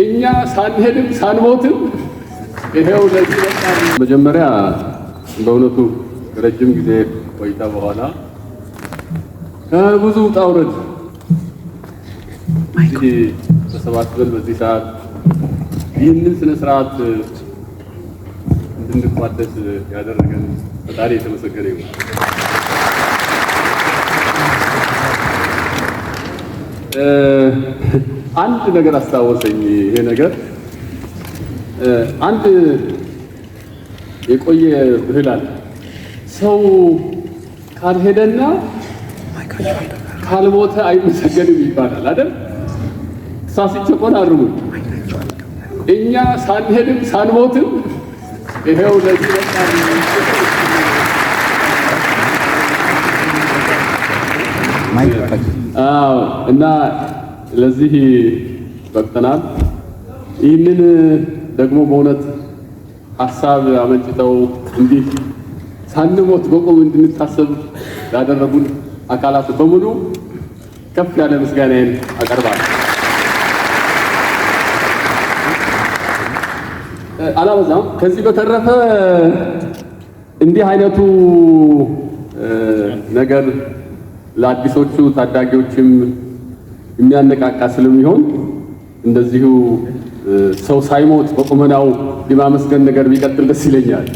እኛ ሳንሄድም ሳንሞትም ይሄው ለዚህ መጀመሪያ በእውነቱ ረጅም ጊዜ ቆይታ በኋላ ከብዙ ውጣ ውረድ እንግዲህ ተሰባስበን በዚህ ሰዓት ይህንን ስነ ስርዓት እንድንቋደስ ያደረገን ፈጣሪ የተመሰገነ ይሁን። አንድ ነገር አስታወሰኝ። ይሄ ነገር አንድ የቆየ አለ ሰው ካልሄደና ካልሞተ አይመሰገንም ይባላል አይደል? እሳ ሲቸቆን አርሙ እኛ ሳንሄድም ሳንሞትም ይሄው ለዚህ በቃ እና ለዚህ በቅተናል። ይህንን ደግሞ በእውነት ሀሳብ አመንጭተው እንዲህ ሳንሞት በቆም እንድንታሰብ ያደረጉን አካላት በሙሉ ከፍ ያለ ምስጋናዬን አቀርባል አላበዛም። ከዚህ በተረፈ እንዲህ አይነቱ ነገር ለአዲሶቹ ታዳጊዎችም የሚያነቃቃ ስለሚሆን እንደዚሁ ሰው ሳይሞት በቁመናው የማመስገን ነገር ቢቀጥል ደስ ይለኛል።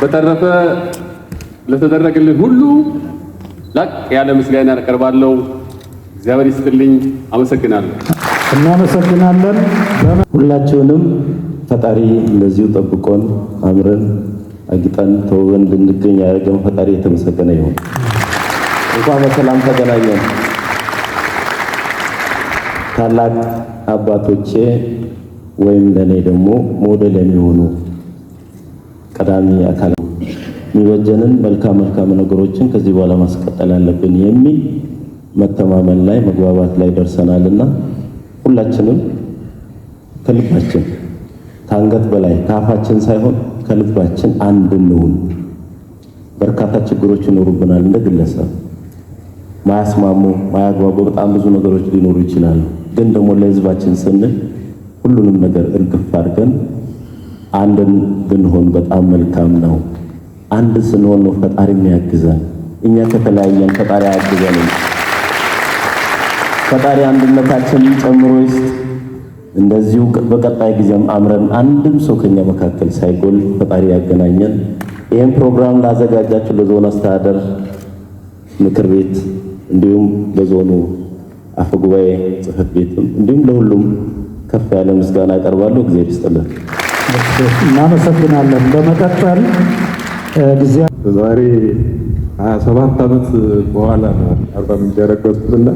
በተረፈ ለተደረገልን ሁሉ ላቅ ያለ ምስጋና አቀርባለሁ። እግዚአብሔር ይስጥልኝ። አመሰግናለሁ። እናመሰግናለን ሁላችሁንም። ፈጣሪ እንደዚሁ ጠብቆን አምረን አጊጠን ተውበን እንድንገኝ ያደረገን ፈጣሪ የተመሰገነ ይሁን። እንኳን በሰላም ተገናኘን። ታላቅ አባቶቼ ወይም ለእኔ ደግሞ ሞዴል የሚሆኑ ቀዳሚ አካል የሚበጀንን መልካም መልካም ነገሮችን ከዚህ በኋላ ማስቀጠል አለብን የሚል መተማመን ላይ መግባባት ላይ ደርሰናል እና ሁላችንም ከልባችን ከአንገት በላይ ከአፋችን ሳይሆን ከልባችን አንድ እንሁን። በርካታ ችግሮች ይኖሩብናል እንደ ግለሰብ ማያስማሙ ማያግባቡ በጣም ብዙ ነገሮች ሊኖሩ ይችላሉ። ግን ደግሞ ለህዝባችን ስንል ሁሉንም ነገር እርግፍ አድርገን አንድን ብንሆን በጣም መልካም ነው። አንድ ስንሆን ነው ፈጣሪ የሚያግዘን። እኛ ከተለያየን ፈጣሪ አያግዘንም። ፈጣሪ አንድነታችንን ጨምሮ ይስጥ። እንደዚሁ በቀጣይ ጊዜም አምረን አንድም ሰው ከኛ መካከል ሳይጎል ፈጣሪ ያገናኘን። ይህም ፕሮግራም ላዘጋጃችሁ ለዞን አስተዳደር ምክር ቤት እንዲሁም ለዞኑ አፈ ጉባኤ ጽህፈት ቤትም እንዲሁም ለሁሉም ከፍ ያለ ምስጋና ያቀርባለሁ። ጊዜ ይስጥልን። እናመሰግናለን። በመቀጠል ጊዜ ዛሬ ሀያ ሰባት ዓመት በኋላ ነው አርባ ምንጭ ያረገጥኩትና